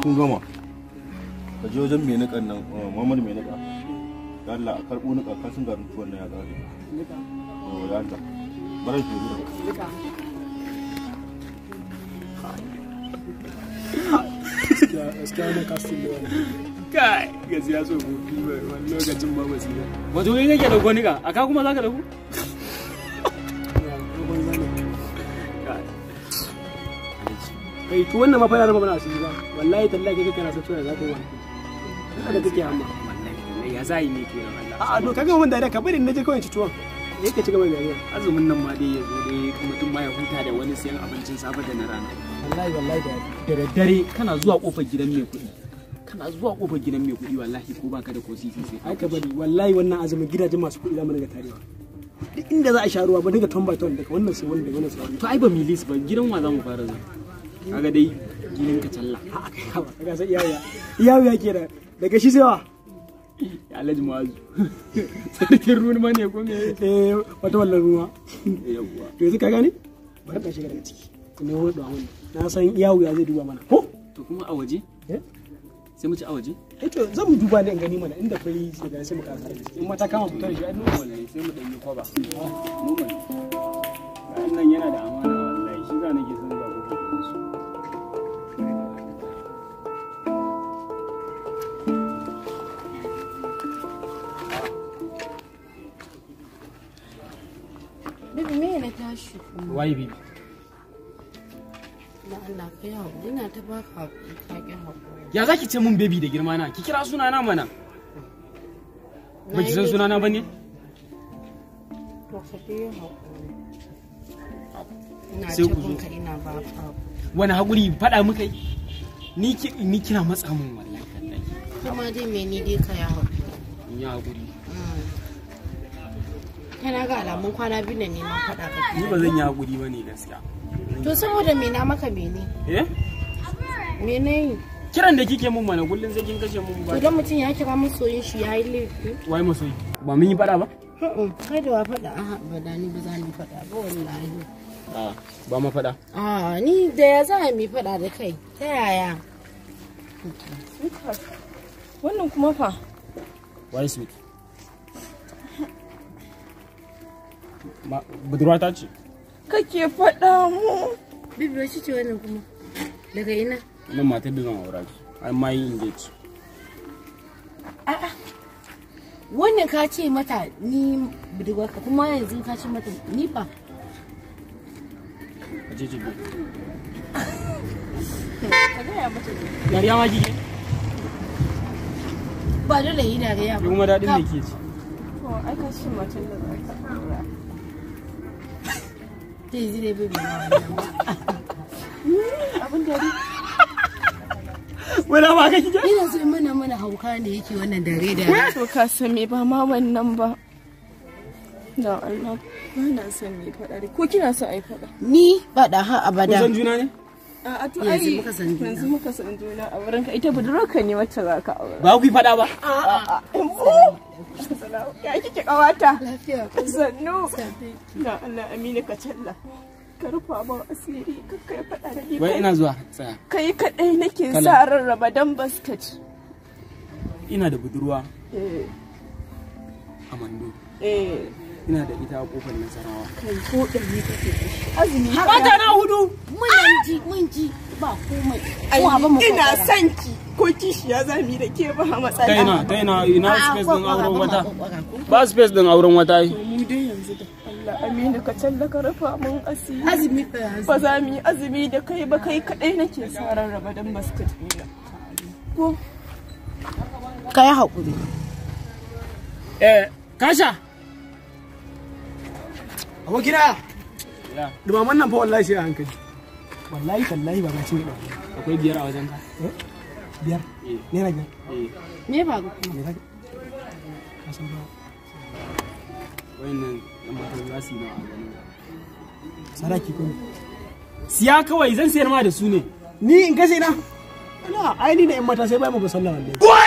kun gama ka je wajen mai niƙan nan eh, mamar mai niƙa ya Allah a karɓo ka kasin garin tuwon nan ya ƙare niƙa oh, ya Allah barai ke niƙa gaskiya kai gaskiya so gobe wani lokacin ba yi wato kai kake da gwanika aka kuma za ka dauko kai eh, to wannan ma fa yana mana asiri ba wallahi tallahi kai kana san cewa za ka wani haka kake amma wallahi ya zai ne ke wallahi a'a to kaga wannan da ka bari na je kawai ci tuwon ne ka ci gaba da yawa azumin nan ma dai ya zo dai mutum ma ya huta da wani sayan abincin safe da na rana wallahi wallahi da daddare kana zuwa kofar gidan mai kuɗi kana zuwa kofar gidan mai kuɗi wallahi ko baka da ko sisi sai ai ka bari wallahi wannan azumin gidajen masu kuɗi za mu daga tarewa duk inda za a sha ruwa ba daga ton by ton daga wannan sai wannan daga wannan sai wannan to ai ba milis ba gidan wa za fara zuwa kaga dai ginin ka talla a kai kaga sai iyawu iyawu ya kenan daga shi sai wa ya alhaji mazu sarkin ruwan ma ne ko me eh wata wallan ruwa yawwa to yanzu ka gane bari ka shiga daga ciki ne wani da wani na san iyawu ya zai duba mana ko to kuma a waje eh? sai mu ci a waje eh to zan mu duba ne in gani mana inda kai daga sai mu kasa in mata kama fitar shi ai nuna wallahi sai mu danyi kwaba mu mun nan yana da amana wallahi shi za nake son Bibi me na tashi kuma? bibi. Na Allah haƙuri. Ya zaki ce mun baby da girma na? Ki kira suna na mana. Baki san suna na bane? Sai ku zo. Wani haƙuri faɗa muka yi? Ni kira matsa mun wallahi. Kuma dai me ni dai ka ya haƙuri. Ni haƙuri. kana na ga alamun kwana biyu ne neman faɗa ka ni ba zan yi hakuri ba ne gaskiya to saboda me na maka mene eh mene kiran da kike mun mana kullun sai kin kashe mun ba idan mutum ya kira masoyin shi yayi laifi wai masoyi ba mun yi faɗa ba kai da wa faɗa a ba da ni ba za ni faɗa ba wallahi ba ma faɗa a ni da ya za mi faɗa da kai ta yaya wannan kuma fa wai sweet budurwa ta ce kake faɗa mu bibiyar shi ce wannan kuma daga ina nan matar da zan aura ki ai mai yi engage a'a wannan ka ce mata ni budurwa ka kuma yanzu ka ce mata ni fa a ce ce bi yariya ma kike ba dole yi da dariya ba kuma daɗin da ke ci to ai ka ce matan da za ka aura ta yi zire bebe hmm, abin dare wani ba ka kike ina so mana mana hauka ne yake wannan dare da ya to ka san ba ma wannan ba da Allah ba na son me faɗa ko kina son ai faɗa ni ba da ha abada kun san juna ne a to ai yanzu muka san juna a ita budurarka ne wacce za ka aure ba ku faɗa ba a'a ya kike kawata sannu Na Allah amina ka challa ka rufa asiri da ni ina kai kadai nake sa ran Ramadan ina da budurwa eh amando eh. ina da ita a kofar nasarawa kai ko dani kake azumi ba ta na hudu mun ji mun ji ba komai ko abin mu ina sanki ko kishiya za mu yi da ke ba a matsala daina daina ina space din auren wata ba space din auren wata yi mu dai yanzu da Allah aminu ka tallaka rafa mun asiri azumi ba za mu yi azumi da kai ba kai kadai nake sa rarraba dan basket ɗina ko ka yi haƙuri eh kasha abokina dumaman nan fa wallahi sai a hankali wallahi tallahi ba ma cin akwai biyar a wajen ka eh? biyar naira eh. biyar me eh. siya kawai zan sayar ma da su ne ni in kashe na aini da yan mata sai bai mu ba sallah wallahi